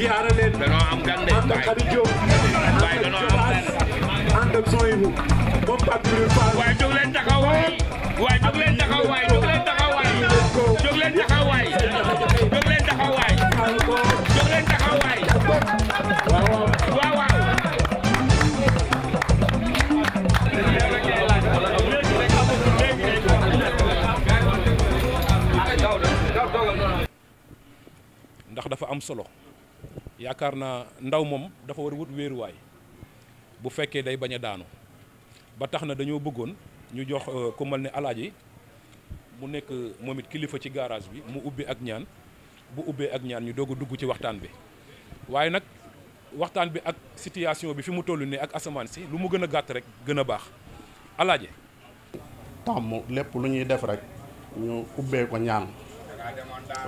ziyaara leen danoo am gan de ànd ak Xadi am gan ànd ak Soyibu moom Pape waay waaye jóg waay jóg leen waay jóg leen waay jóg ndax dafa am solo yaakaar naa ndaw moom dafa war a wut wéeruwaay bu fekkee day bañ a daanu ba tax na dañoo bëggoon ñu jox euh, ku mel ne alaaji mu nekk moom it kilifa ci garage bi mu ubbi ak ñaan bu ubbee ak ñaan ñu doog a dugg ci waxtaan bi waaye nag waxtaan bi ak situation bi fi mu toll nii ak asamaan si lu mu gën a gàtt rek gën a baax alaaji tàmm lépp lu ñuy def rek ñu ubbee ko ñaan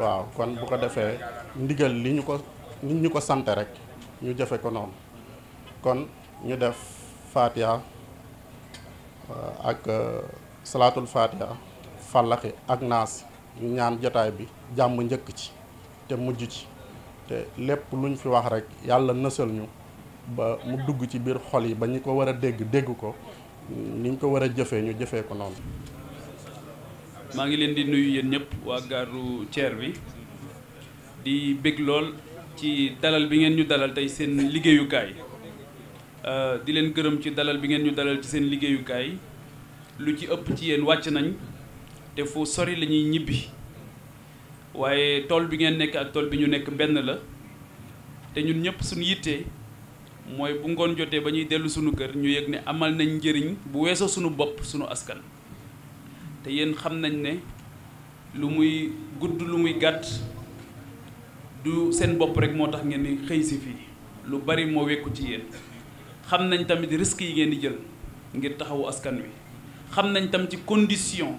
waaw kon bu ko defee ndigal li ñu ko nit ñu ko sant rek ñu jafe ko noonu kon ñu def fatiha euh, ak euh, salaatul fatiha fàllaxi ak naas ñu ñaan jotaay bi jàmm njëkk ci te mujj ci te lépp luñ fi wax rek yàlla nësal ñu ba mu dugg ci biir xol yi ba ñi ko war a dégg dégg ko ni ñu ko war a jëfee ñu jëfee ko noonu maa ngi leen di nuyu yéen ñëpp waa gaaru Thiers bi di bég lool ci dalal bi ngeen ñu dalal tey seen liggéeyukaay euh, di leen gërëm ci dalal bi ngeen ñu dalal ci seen liggéeyukaay lu ci ëpp ci yéen wàcc nañ te fu sori lañuy ñibbi waaye tool bi ngeen nekk ak tool bi ñu nekk benn la te ñun ñëpp suñu yittee mooy bu ngoon jotee ba ñuy dellu suñu kër ñu yëg ne amal nañ njëriñ bu weesoo suñu bopp suñu askan te yéen xam nañ ne lu muy gudd lu muy gàtt du seen bopp rek moo tax ngeen di xëy si fii lu bari moo wekku ci yéen xam nañ tamit risques yi ngeen di jël ngir taxawu askan wi xam nañ tam ci condition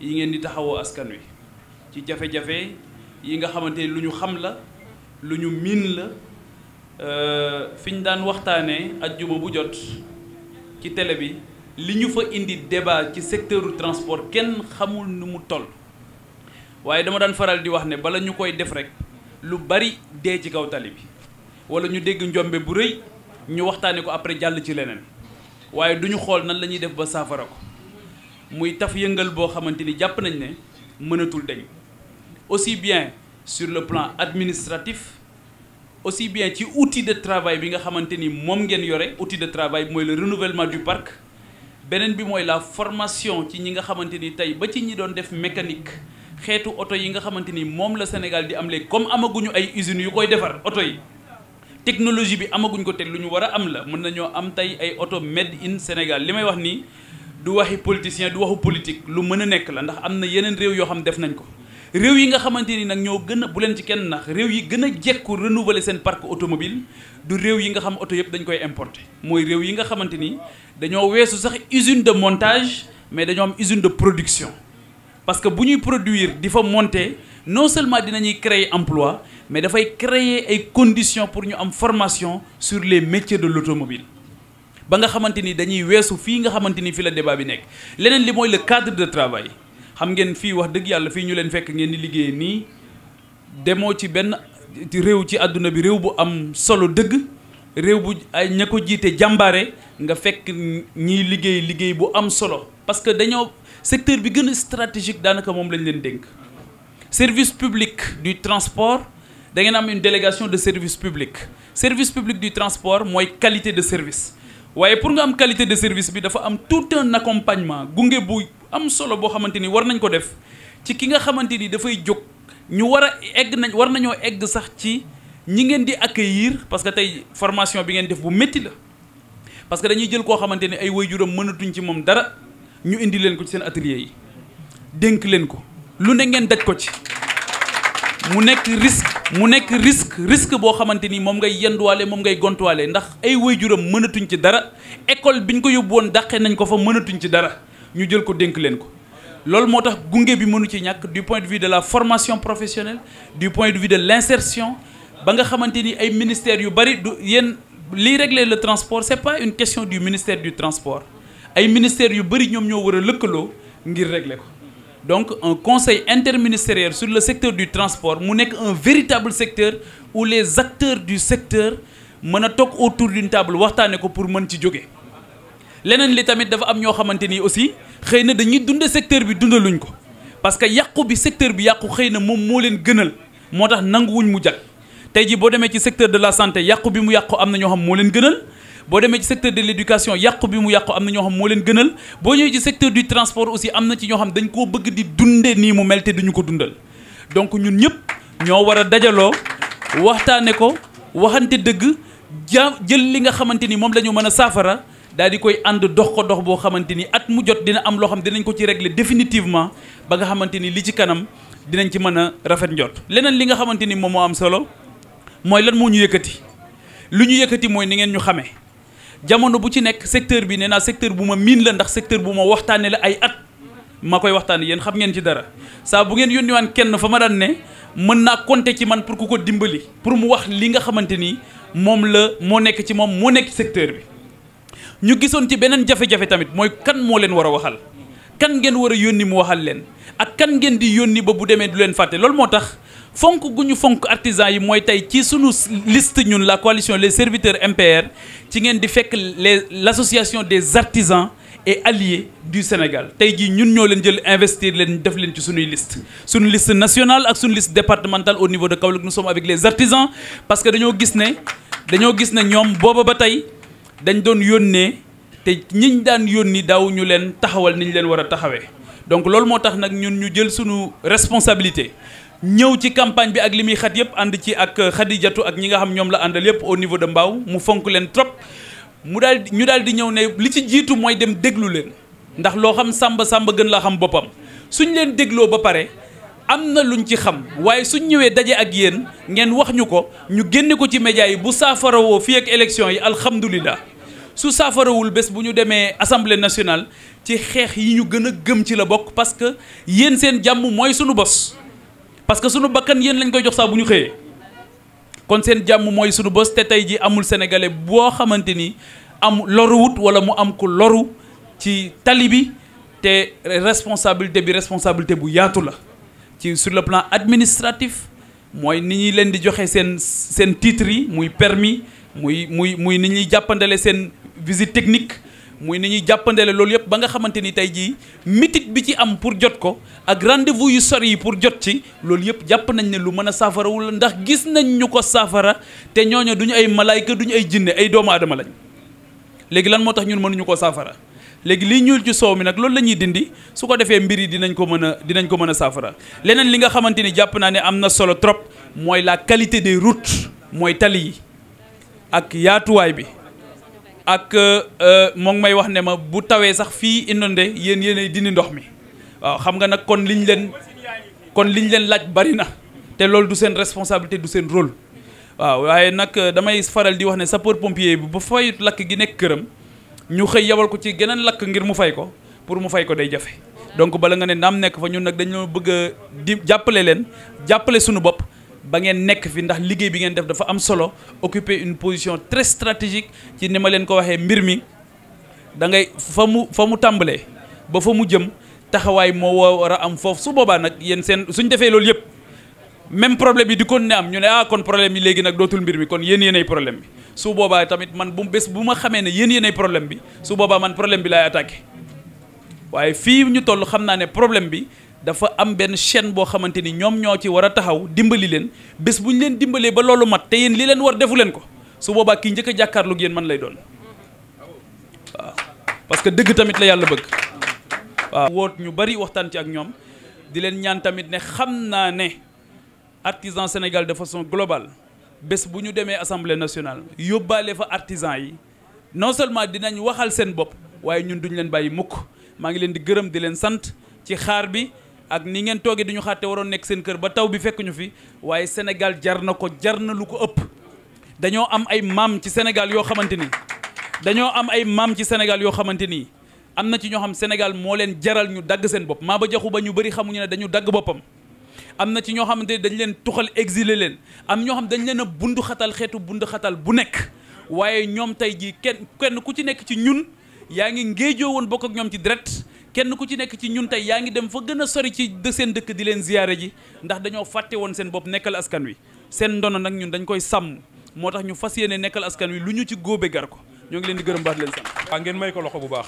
yi ngeen di taxawoo askan wi ci jafe-jafe yi nga xamante lu ñu xam la lu ñu miin la euh, fi ñu daan waxtaanee ajjuma bu jot ci télé bi li ñu fa indi débat ci secteur transport kenn xamul nu mu toll waaye dama daan faral di wax ne bala ñu koy def rek lu bari dee ci kaw tali bi wala ñu dégg njombe bu rëy ñu waxtaanee ko après jàll ci leneen waaye duñu xool nan la ñuy def ba saafara ko muy taf yëngal boo xamante ni jàpp nañ ne mënatul dañ aussi bien sur le plan administratif aussi bien ci outil de travail bi nga xamante ni moom ngeen yore outil de travail mooy le renouvellement du parc beneen bi mooy la formation ci ñi nga xamante ni tey ba ci ñi doon def mécanique xeetu oto yi nga xamante ni moom la Sénégal di am léegi comme amaguñu ay usines yu koy defar auto yi technologie bi amaguñ ko te lu ñu war a am la mën nañoo am tey ay oto made in Sénégal li may wax nii du waxi politicien du waxu politique lu mën a nekk la ndax am na yeneen réew yoo xam def nañ ko réew yi nga xamante ni nag ñoo gën a bu leen ci kenn nax réew yi gën a jekku renouveler seen parc automobile du réew yi nga xam oto yëpp dañ koy importer mooy réew yi nga xamante ni dañoo weesu sax usine de montage mais dañoo usine de production parce que bu ñuy produire di fa monter non seulement dinañuy créer emploi mais dafay créer ay conditions pour ñu am formation sur les métiers de l'automobile ba nga xamante ni dañuy weesu fii nga xamante ni fii la débat bi nekk leneen li mooy le cadre de travail xam ngeen fii wax dëgg yàlla fii ñu leen fekk ngeen di liggéey nii demoo ci benn réew ci àdduna bi réew bu am solo dëgg réew bu ay ña ko jiite jàmbaare nga fekk ñiy liggéey liggéey bu am solo secteur bi gën a stratégique daanaka moom lañ leen dénk service public du transport da ngeen am une délégation de service public service public du transport mooy qualité de service waaye pour nga am qualité de service bi dafa am tout un accompagnement gunge bu am solo boo xamante ni war nañ ko def ci ki nga xamante ni dafay jóg ñu war a egg nañ war nañoo egg sax ci ñi ngeen di accueillir parce que tey formation bi ngeen def bu métti la parce que dañuy jël koo xamante ni ay waajuram mënatuñ ci moom dara ñu indi leen ko ci seen atelier yi dénk leen ko lu ne ngeen daj ko ci mu nekk risque mu nekk risque risque boo xamante ni moom ngay yenduwaale moom ngay gontuwaale ndax ay waajuram mënatuñ ci dara école bi ñu ko yóbbu woon dàqee nañ ko fa mënatuñ ci dara ñu jël ko dénk leen ko loolu moo tax gunge bi mënu ci ñàkk du point de vue de la formation professionnelle du point de vue de l'insertion ba nga xamante ni ay ministères yu bari du yéen liy régler le transport c'est pas une question du ministère du transport ay ministères yu bëri ñoom ñoo war a lëkkaloo ngir régler ko donc un conseil interministériel sur le secteur du transport mu nekk un véritable secteur où les acteurs du secteur mën a toog autour d'une table waxtaane ko pour mën ci jóge leneen li tamit dafa am ñoo xamante ni aussi xëy na dañuy dunde secteur bi dundaluñ ko parce que yàqu bi secteur bi yàqu xëy na moom moo leen gënal moo tax nanguwuñ mu jag tey ji boo demee ci secteur de la santé yàqu bi mu yàqu am na ñoo xam moo leen gënal boo demee ci secteur de l'éducation yàqu bi mu yàqu am na ñoo xam moo leen gënal boo ñëwee ci secteur du transport aussi am na ci ñoo xam dañ koo bëgg di dunde nii mu mel te ko dundal donc ñun ñëpp ñoo war a dajaloo waxtaane ko waxante dëgg ja jël li nga xamante ni moom la mën a saafara daal di koy ànd dox dox boo xamante ni at mu jot dina am loo xam dinañ ko ci régler définitivement ba nga ni li ci kanam dinañ ci mën a rafet njot leneen li nga xamante ni moom moo am solo mooy lan moo ñu yëkkati lu ñu yëkkati mooy ni ngeen ñu xamee jamono bu ci nekk secteur bi nee naa secteur bu ma miin la ndax secteur bu ma waxtaanee la ay at ma koy waxtaanee yéen xam ngeen ci dara saa bu ngeen yónniwaan kenn fa ma daan ne mën naa compter ci man pour ku ko dimbali pour mu wax li nga xamante ni moom la moo nekk ci moom moo nekk secteur bi ñu gisoon ci beneen jafe-jafe tamit mooy kan moo leen war a waxal kan ngeen war a yónni mu waxal leen ak kan ngeen di yónni ba bu demee du leen fàtte loolu moo tax fonk gu ñu fonk artisan yi mooy tey ci sunu liste ñun la coalition les serviteurs MPR ci ngeen di fekk les l' association des artisans et alliés du Sénégal tey jii ñun ñoo leen jël investir leen def leen ci suñu liste suñu list national ak sunu liste départementale au niveau de Kaolack nous sommes avec les artisans parce que dañoo gis ne dañoo gis ne ñoom booba ba tey dañ doon yónnee te ñiñ daan yónni daaw ñu leen taxawal ni ñu leen war a taxawee donc loolu moo tax nag ñun ñu jël sunu responsabilité ñëw ci campagne bi ak li muy xat yëpp ànd ci ak xadijatu ak ñi nga xam ñoom la àndal yëpp au niveau de Mbao mu fonk leen trop mu daal ñu daal di ñëw ne li ci jiitu mooy dem déglu leen ndax loo xam sàmba sàmba gën la xam boppam suñ leen dégloo ba pare am na luñ ci xam waaye suñ ñëwee daje ak yéen ngeen wax ñu ko ñu génne ko ci média yi bu saafarawoo fi ak élection yi alhamdulilah su saafarawul bés bu ñu demee assemblée nationale ci xeex yi ñu gën a gëm ci la bokk parce que yéen seen jàmm mooy suñu bos parce que sunu bakkan yéen lañ koy jox saa bu ñu xëyee kon seen jàmm mooy sunu bës te tey ji amul sénégalais boo xamante ni am loruwut wala mu am ku loru ci tali bi te responsabilité bi responsabilité bu yaatu la ci sur le plan administratif mooy ni ñuy leen di joxe seen seen titres yi muy permis muy muy muy ni ñuy jàppandale seen visite technique muy ni ñuy jàppandele loolu yëpp ba nga xamante ni tey jii mitit bi ci am pour jot ko ak rendez yu sori yi pour jot ci loolu yëpp jàpp nañ ne lu mën a saafarawul la ndax gis nañ ñu ko saafara te ñooñu du ñu ay malaayka du ñu ay jinne ay doomu aadama lañ léegi lan moo tax ñun mënuñu ko saafara léegi lii ñuul ci soow mi nag loolu la ñuy dindi su ko defee mbir yi dinañ ko mën a dinañ ko mën a saafara leneen li nga xamante ni jàpp naa ne am na solo trop mooy la qualité des routes mooy tali yi ak yaatuwaay bi ak euh, euh, moo ngi may wax ne ma bu tawee sax fii inondé yéen yéenay dindi ndox mi waaw xam nga nag kon liñ leen kon liñ leen laaj bari na te loolu du seen responsabilité du seen rôle waaw waaye nag euh, damay faral di wax ne sapeur pompier bi ba fayut lakk gi nekk këram ñu xëy yabal ko ci geneen lakk ngir mu fay ko pour mu fay ko day jafe donc bala nga ne naam nekk fa ñun nag dañoo bëgg a di jàppale leen jàppale suñu bopp ba ngeen nekk fi ndax liggéey bi ngeen def dafa am solo occuper une position très stratégique ci ni ma leen ko waxee mbir mi da ngay fa mu fa mu tàmbalee ba fa mu jëm taxawaay moo war a am foofu su boobaa nag yéen seen suñ defee loolu yëpp même problème bi di kon ne am ñu ne ah kon problème bi léegi nag dootul mbir mi kon yéen yéenay problème bi su boobaa tamit man bu bés bu ma xamee ne yéen yéenay problème bi su boobaa man problème bi laay attaqué waaye fii ñu toll xam naa ne problème bi dafa am benn chaîne boo xamante ni ñoom ñoo ci war a taxaw dimbali leen bés bu ñu leen dimbalee ba loolu mat te yéen li leen war defu leen ko su boobaa ki njëkk a jàkkaarloog yéen man lay doon parce que dëgg tamit la yàlla bëgg waaw. woot ñu bari waxtaan ci ak ñoom di leen ñaan tamit ne xam naa ne artisan Sénégal de façon globale bés bu ñu demee assemblée nationale yóbbaale fa artisan yi non seulement dinañ waxal seen bopp waaye ñun duñ leen bàyyi mukk maa ngi leen di gërëm di leen sant ci xaar bi. ak ni ngeen toogee di ñu waroon nekk seen kër ba taw bi fekk ñu fi waaye Sénégal jar na ko jar na lu ko ëpp dañoo am ay maam ci Sénégal yoo xamante ni dañoo am ay maam ci Sénégal yoo xamante ni am na ci ñoo xam Sénégal moo leen jaral ñu dagg seen bopp maa ba jaxu ba ñu bari xamuñu ne dañu dagg boppam am na ci ñoo xamante ni dañ leen tuxal exile leen am ñoo xam dañ leen a bundu xatal xeetu bundu xatal bu nekk waaye ñoom tey jii kenn kenn ku ci nekk ci ñun yaa ngi ngéejoo bokk ak ñoom ci direct kenn ku ci nekk ci ñun tey yaa ngi dem fa gën a sori ci de seen dëkk di leen ziyaare ji ndax dañoo fàtte woon seen bopp nekkal askan wi seen ndono nag ñun dañ koy sàmm moo tax ñu fas yéene nekkal askan wi lu ñu ci góobe gar ko ñoo ngi leen di gërëm baax leen sant. waaw ngeen may ko loxo bu baax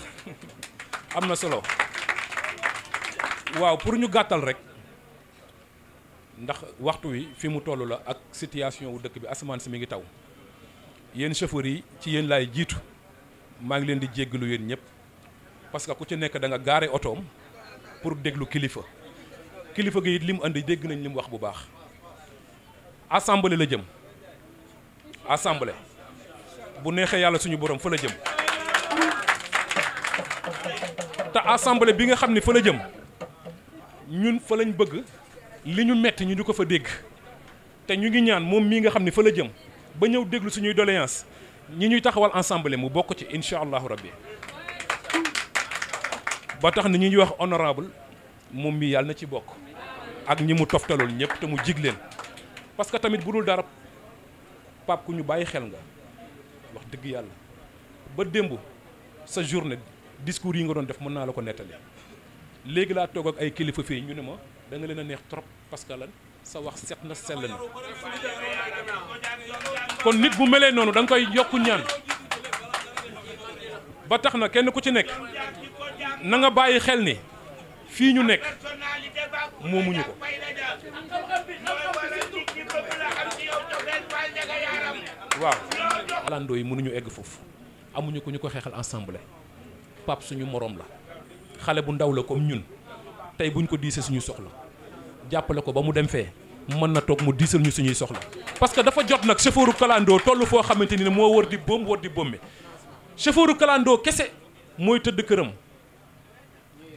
am na solo waaw pour ñu gàttal rek ndax waxtu wi fi mu toll la ak situation wu dëkk bi asamaan si mi ngi taw yéen chauffeurs yi ci yéen laay jiitu maa ngi leen di jéggalu yéen ñëpp. parce que ku ci nekk da nga gaare otoom pour déglu kilifa kilifa gi it li mu andi dégg nañ li mu wax bu baax assemblée la jëm assemblée bu neexee yàlla suñu borom fa la jëm te assemblée bi nga xam ne fa la jëm ñun fa lañ bëgg li ñu metti ñu di ko fa dégg te ñu ngi ñaan moom mii nga xam ne fa la jëm ba ñëw déglu suñuy doléance ñi ñuy taxawal assemblée mu bokk ci incha allahu rabbi ba tax na ñu ñuy wax honorable moom mi yàlla na ci bokk ak ñi mu toftalool ñëpp te mu jig leen parce que tamit bu dul dara pap ku ñu bàyyi xel nga wax dëgg yàlla ba démb sa journée discours yi nga doon def mën naa la ko nettali léegi laa toog ak ay kilifa fii ñu ne ma da nga leen a neex trop parce que lan sa wax set na sell na kon nit bu melee noonu danga koy yokku ñaan ba tax na kenn ku ci nekk na nga bàyyi xel ni fii ñu nekk moomuñu ko waaw alandoo yi mënuñu egg foofu amuñu ku ñu ko xeexal ensemble pap suñu moroom la xale bu ndaw la comme ñun tey buñ ko diisee suñu soxla jàppale ko ba mu dem fee mën na toog mu diisal ñu suñuy soxla parce que dafa jot nag chauffeuru kalandoo toll foo xamante ni ne moo wër di boom wër di bombe chauffeuru kalandoo kese mooy tëdd këram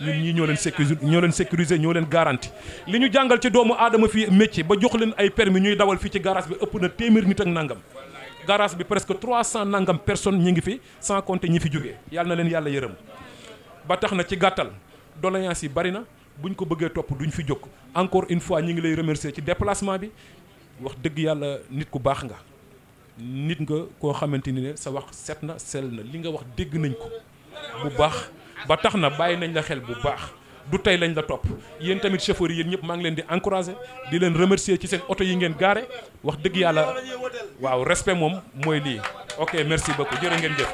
ñun ñii ñoo leen sécuriser ñoo leen sécuriser leen garanti li ñu jàngal ci doomu aadama fii métier ba jox leen ay permis ñuy dawal fii ci garage bi ëpp na téeméer nit ak nangam garage bi presque 300 nangam personnes ñi ngi fi sans compter ñi fi jógee yàlla leen yàlla yërëm ba tax na ci gàttal doléance yi bari na buñ ko bëggee topp duñ fi jóg encore une fois ñi ngi lay remercier ci déplacement bi wax dëgg yàlla nit ku baax nga nit nga koo xamante ni ne sa wax set na sell na li nga wax dégg nañ ko ba tax na bàyyi nañ la xel bu baax du tey lañ la topp yéen tamit chauffeurs yi yéen ñëpp maa ngi leen di encourager di leen remercier ci seen oto yi ngeen gaare wax dëgg yàlla waaw respect moom mooy lii ok merci beaucoup jërë ngeen jëf.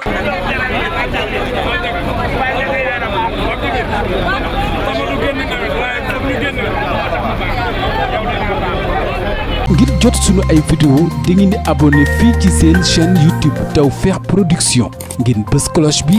ngir jot sunu ay vidéo di ngeen di abonné fii ci seen chaîne YouTube Tawfekh Production ngeen bës cloche bi.